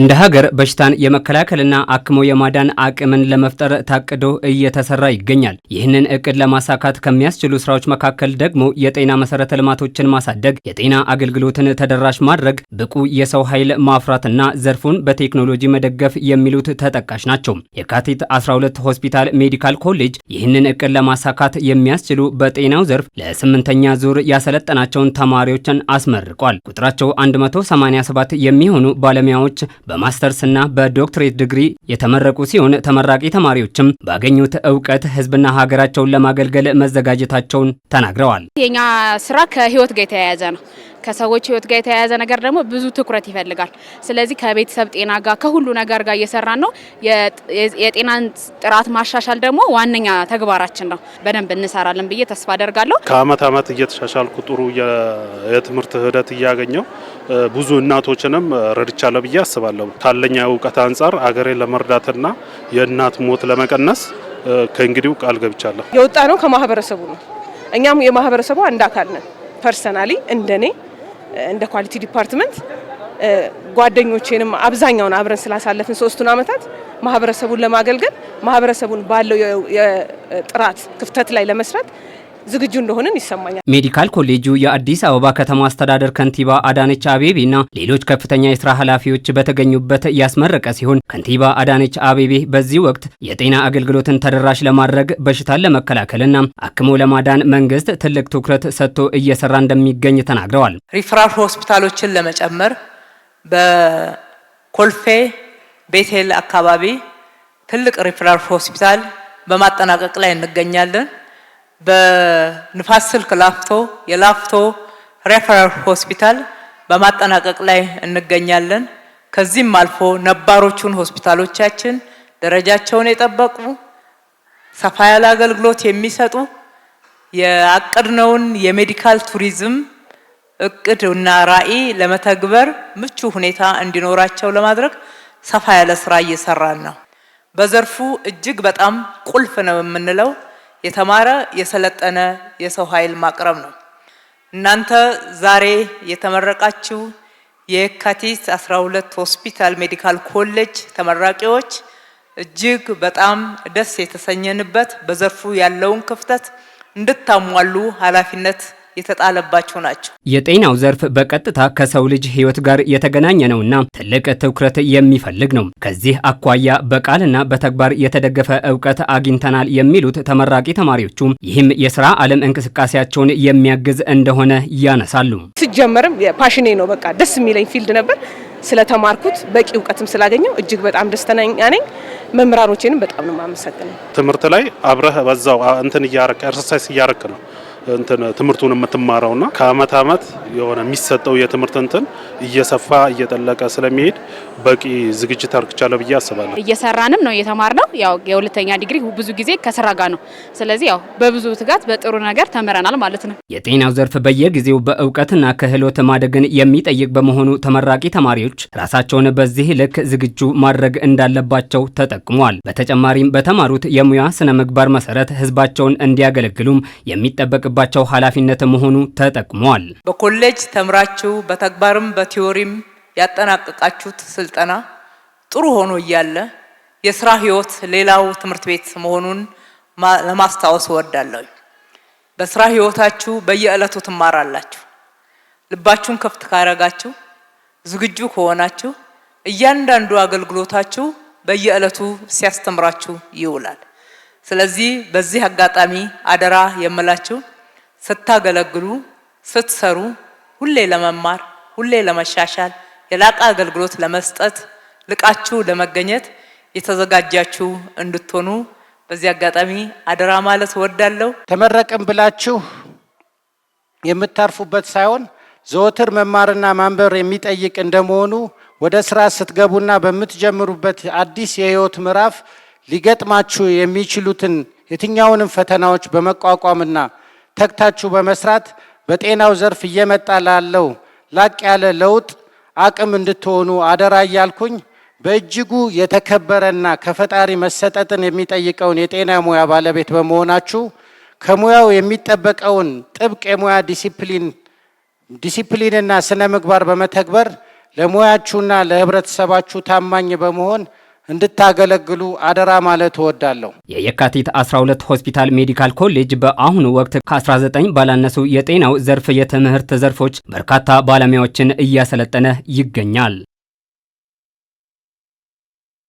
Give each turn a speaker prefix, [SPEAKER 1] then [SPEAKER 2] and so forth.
[SPEAKER 1] እንደ ሀገር በሽታን የመከላከልና አክሞ የማዳን አቅምን ለመፍጠር ታቅዶ እየተሰራ ይገኛል። ይህንን እቅድ ለማሳካት ከሚያስችሉ ስራዎች መካከል ደግሞ የጤና መሰረተ ልማቶችን ማሳደግ፣ የጤና አገልግሎትን ተደራሽ ማድረግ፣ ብቁ የሰው ኃይል ማፍራትና ዘርፉን በቴክኖሎጂ መደገፍ የሚሉት ተጠቃሽ ናቸው። የካቲት 12 ሆስፒታል ሜዲካል ኮሌጅ ይህንን እቅድ ለማሳካት የሚያስችሉ በጤናው ዘርፍ ለስምንተኛ ዙር ያሰለጠናቸውን ተማሪዎችን አስመርቋል። ቁጥራቸው 187 የሚሆኑ ባለሙያዎች በማስተርስና በዶክትሬት ዲግሪ የተመረቁ ሲሆን ተመራቂ ተማሪዎችም ባገኙት እውቀት ህዝብና ሀገራቸውን ለማገልገል መዘጋጀታቸውን ተናግረዋል።
[SPEAKER 2] የኛ ስራ ከህይወት ጋር የተያያዘ ነው። ከሰዎች ህይወት ጋር የተያያዘ ነገር ደግሞ ብዙ ትኩረት ይፈልጋል። ስለዚህ ከቤተሰብ ጤና ጋር ከሁሉ ነገር ጋር እየሰራን ነው። የጤናን ጥራት ማሻሻል ደግሞ ዋነኛ ተግባራችን ነው። በደንብ እንሰራለን ብዬ ተስፋ አደርጋለሁ።
[SPEAKER 3] ከአመት አመት እየተሻሻልኩ ጥሩ የትምህርት ሂደት እያገኘው ብዙ እናቶችንም ረድቻለሁ ብዬ አስባለሁ። ካለኛ እውቀት አንጻር አገሬ ለመርዳትና የእናት ሞት ለመቀነስ ከእንግዲው ቃል ገብቻለሁ።
[SPEAKER 2] የወጣ ነው ከማህበረሰቡ ነው። እኛም የማህበረሰቡ አንድ አካል ነን። ፐርሰናሊ እንደኔ እንደ ኳሊቲ ዲፓርትመንት ጓደኞቼንም አብዛኛውን አብረን ስላሳለፍን ሶስቱን ዓመታት ማህበረሰቡን ለማገልገል ማህበረሰቡን ባለው የጥራት ክፍተት ላይ ለመስራት ዝግጁ እንደሆንን ይሰማኛል።
[SPEAKER 1] ሜዲካል ኮሌጁ የአዲስ አበባ ከተማ አስተዳደር ከንቲባ አዳነች አቤቤና ሌሎች ከፍተኛ የስራ ኃላፊዎች በተገኙበት ያስመረቀ ሲሆን ከንቲባ አዳነች አቤቤ በዚህ ወቅት የጤና አገልግሎትን ተደራሽ ለማድረግ በሽታን ለመከላከልና አክሞ ለማዳን መንግስት ትልቅ ትኩረት ሰጥቶ እየሰራ እንደሚገኝ ተናግረዋል።
[SPEAKER 4] ሪፈራል ሆስፒታሎችን ለመጨመር በኮልፌ ቤቴል አካባቢ ትልቅ ሪፈራል ሆስፒታል በማጠናቀቅ ላይ እንገኛለን። በንፋስ ስልክ ላፍቶ የላፍቶ ሬፈራል ሆስፒታል በማጠናቀቅ ላይ እንገኛለን። ከዚህም አልፎ ነባሮቹን ሆስፒታሎቻችን ደረጃቸውን የጠበቁ ሰፋ ያለ አገልግሎት የሚሰጡ የአቅድነውን የሜዲካል ቱሪዝም እቅድ እና ራዕይ ለመተግበር ምቹ ሁኔታ እንዲኖራቸው ለማድረግ ሰፋ ያለ ስራ እየሰራን ነው። በዘርፉ እጅግ በጣም ቁልፍ ነው የምንለው የተማረ የሰለጠነ የሰው ኃይል ማቅረብ ነው። እናንተ ዛሬ የተመረቃችሁ የካቲት 12 ሆስፒታል ሜዲካል ኮሌጅ ተመራቂዎች እጅግ በጣም ደስ የተሰኘንበት በዘርፉ ያለውን ክፍተት እንድታሟሉ ኃላፊነት የተጣለባቸው ናቸው።
[SPEAKER 1] የጤናው ዘርፍ በቀጥታ ከሰው ልጅ ሕይወት ጋር የተገናኘ ነውና ትልቅ ትኩረት የሚፈልግ ነው። ከዚህ አኳያ በቃልና በተግባር የተደገፈ እውቀት አግኝተናል የሚሉት ተመራቂ ተማሪዎቹ ይህም የስራ ዓለም እንቅስቃሴያቸውን የሚያግዝ እንደሆነ ያነሳሉ።
[SPEAKER 2] ስጀመርም ፓሽኔ ነው። በቃ ደስ የሚለኝ ፊልድ ነበር። ስለተማርኩት በቂ እውቀትም ስላገኘው እጅግ በጣም ደስተኛ ነኝ። መምህራኖቼንም በጣም ነው የማመሰግነው።
[SPEAKER 3] ትምህርት ላይ አብረህ በዛው እንትን እያረክ ኤክሰርሳይዝ እያረክ ነው እንትን ትምህርቱን የምትማረውና ከአመት አመት የሆነ የሚሰጠው የትምህርት እንትን እየሰፋ እየጠለቀ ስለሚሄድ በቂ ዝግጅት አርክቻለሁ ብዬ አስባለሁ።
[SPEAKER 2] እየሰራንም ነው እየተማር ነው። ያው የሁለተኛ ዲግሪ ብዙ ጊዜ ከስራ ጋር ነው። ስለዚህ ያው በብዙ ትጋት በጥሩ ነገር ተምረናል ማለት ነው።
[SPEAKER 1] የጤና ዘርፍ በየጊዜው በእውቀትና ክህሎት ማደግን የሚጠይቅ በመሆኑ ተመራቂ ተማሪዎች ራሳቸውን በዚህ ልክ ዝግጁ ማድረግ እንዳለባቸው ተጠቅሟል። በተጨማሪም በተማሩት የሙያ ስነ ምግባር መሰረት ህዝባቸውን እንዲያገለግሉም የሚጠበቅ የሚገባቸው ኃላፊነት መሆኑ ተጠቅሟል።
[SPEAKER 4] በኮሌጅ ተምራችሁ በተግባርም በቲዎሪም ያጠናቀቃችሁት ስልጠና ጥሩ ሆኖ እያለ የስራ ህይወት ሌላው ትምህርት ቤት መሆኑን ለማስታወስ እወዳለሁ። በስራ ህይወታችሁ በየዕለቱ ትማራላችሁ። ልባችሁን ከፍት ካረጋችሁ፣ ዝግጁ ከሆናችሁ እያንዳንዱ አገልግሎታችሁ በየዕለቱ ሲያስተምራችሁ ይውላል። ስለዚህ በዚህ አጋጣሚ አደራ የምላችሁ ስታገለግሉ፣ ስትሰሩ ሁሌ ለመማር ሁሌ ለመሻሻል የላቀ አገልግሎት ለመስጠት ልቃችሁ ለመገኘት የተዘጋጃችሁ እንድትሆኑ በዚህ አጋጣሚ አደራ ማለት እወዳለሁ።
[SPEAKER 5] ተመረቅን ብላችሁ የምታርፉበት ሳይሆን ዘወትር መማርና ማንበር የሚጠይቅ እንደመሆኑ ወደ ስራ ስትገቡና በምትጀምሩበት አዲስ የህይወት ምዕራፍ ሊገጥማችሁ የሚችሉትን የትኛውንም ፈተናዎች በመቋቋምና ተግታችሁ በመስራት በጤናው ዘርፍ እየመጣ ላለው ላቅ ያለ ለውጥ አቅም እንድትሆኑ አደራ እያልኩኝ በእጅጉ የተከበረና ከፈጣሪ መሰጠትን የሚጠይቀውን የጤና ሙያ ባለቤት በመሆናችሁ ከሙያው የሚጠበቀውን ጥብቅ የሙያ ዲሲፕሊን ዲሲፕሊንና ስነ ምግባር በመተግበር ለሙያችሁና ለህብረተሰባችሁ ታማኝ በመሆን እንድታገለግሉ አደራ ማለት እወዳለሁ።
[SPEAKER 1] የየካቲት 12 ሆስፒታል ሜዲካል ኮሌጅ በአሁኑ ወቅት ከ19 ባላነሱ የጤናው ዘርፍ የትምህርት ዘርፎች በርካታ ባለሙያዎችን እያሰለጠነ ይገኛል።